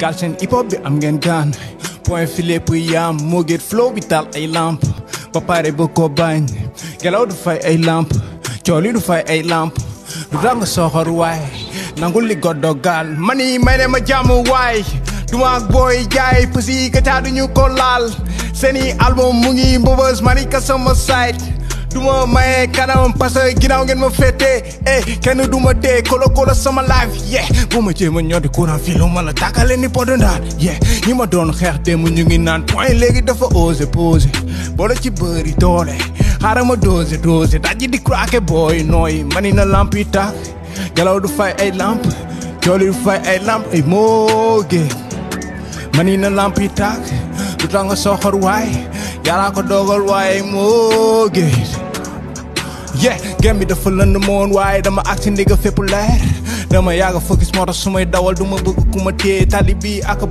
Galchen seen hip hop bi am ngeen gaan point filé pour yaam moo flow bi taal ay lamp ba pare ba ko bañ gelaw du fay ay lamp cooli du fay ay lamp du danga soxor waay nangul li goddo gaal mani may ne ma jàmm waay duma ak booy jaay pusi kataa duñu ko laal seeni album mu ngi mbëbës mani ka sama site du ma maye kanam parce que ginnaaw ngeen ma féetee eh kenn du ma dee kolo kolo sama life yeah bu ma jéem ñoo di courant fii lu ma la tàkkale ni podo ndaal yeah ñi ma doon xeex démb ñu ngi naan point léegi dafa osé posé boole ci yi doole xaaral ma dosé dosé dajji di croqué booy nooy mani na lamp yi tàkk galaw du fay ay lamp cooli du fay ay lamp ay mooge mani na lamp yi tàkk du tax nga soxor waay yàllaa ko dogal waaye mooge yeah gem bi dafa lënd moon waaye dama ak ci ndigga fépp leer dama yàgg gis moo tax su may dawal duma ma bëgg ku ma téye tali bi ak